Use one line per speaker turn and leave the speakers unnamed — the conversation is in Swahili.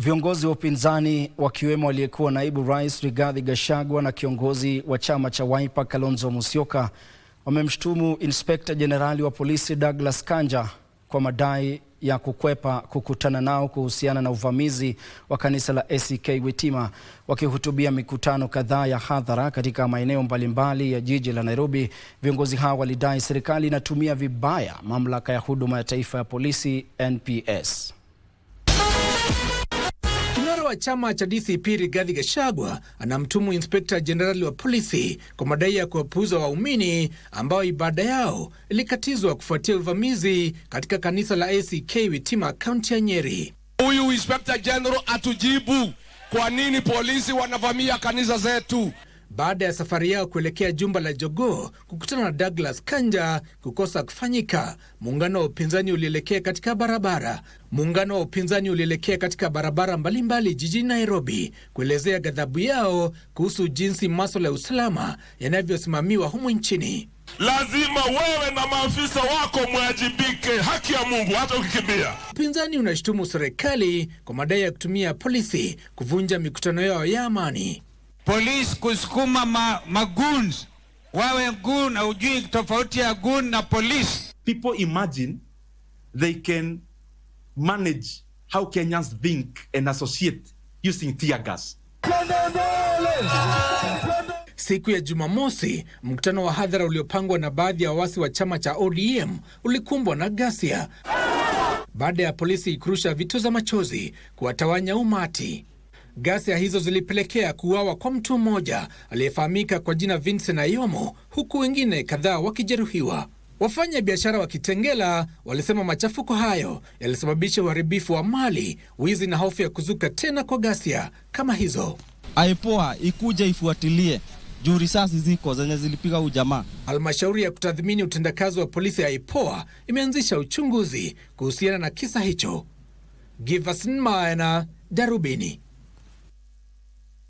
Viongozi wa upinzani wakiwemo aliyekuwa naibu rais Rigathi Gachagua na kiongozi wa chama cha Wiper Kalonzo Musyoka wamemshutumu inspekta jenerali wa polisi Douglas Kanja kwa madai ya kukwepa kukutana nao kuhusiana na uvamizi wa kanisa la ACK Witima. Wakihutubia mikutano kadhaa ya hadhara katika maeneo mbalimbali ya jiji la Nairobi, viongozi hao walidai serikali inatumia vibaya mamlaka ya huduma ya taifa ya polisi NPS wa chama cha DCP Rigathi Gachagua anamtumu inspekta jenerali wa polisi kwa madai ya kuwapuuza waumini ambao ibada yao ilikatizwa kufuatia uvamizi katika kanisa la ACK Witima, kaunti ya Nyeri.
Huyu inspekta jenerali atujibu kwa nini polisi wanavamia kanisa zetu
baada ya safari yao kuelekea jumba la Jogoo kukutana na Douglas Kanja kukosa kufanyika. Muungano wa upinzani ulielekea katika barabara muungano wa upinzani ulielekea katika barabara mbalimbali jijini Nairobi kuelezea ghadhabu yao kuhusu jinsi maswala ya usalama yanavyosimamiwa humu nchini.
Lazima wewe na maafisa wako mwajibike, haki ya Mungu, hata ukikimbia.
Upinzani unashutumu serikali kwa madai ya kutumia polisi kuvunja mikutano yao ya amani
polisi kusukuma ma, maguns wawe gun, haujui tofauti ya gun na polisi.
People imagine they can manage how Kenyans think and associate using tear gas.
Siku ya Jumamosi, mkutano wa hadhara uliopangwa na baadhi ya waasi wa chama cha ODM ulikumbwa na ghasia baada ya polisi kurusha vito za machozi kuwatawanya umati. Ghasia hizo zilipelekea kuuawa kwa mtu mmoja aliyefahamika kwa jina Vincent Ayomo, huku wengine kadhaa wakijeruhiwa. Wafanya biashara wa Kitengela walisema machafuko hayo yalisababisha uharibifu wa mali, wizi na hofu ya kuzuka tena kwa ghasia kama hizo.
Aipoa ikuja ifuatilie juu risasi ziko zenye zilipiga huu jamaa.
Halmashauri ya kutathmini utendakazi wa polisi ya Aipoa imeanzisha uchunguzi kuhusiana na kisa hicho. Giverson Maena, Darubini.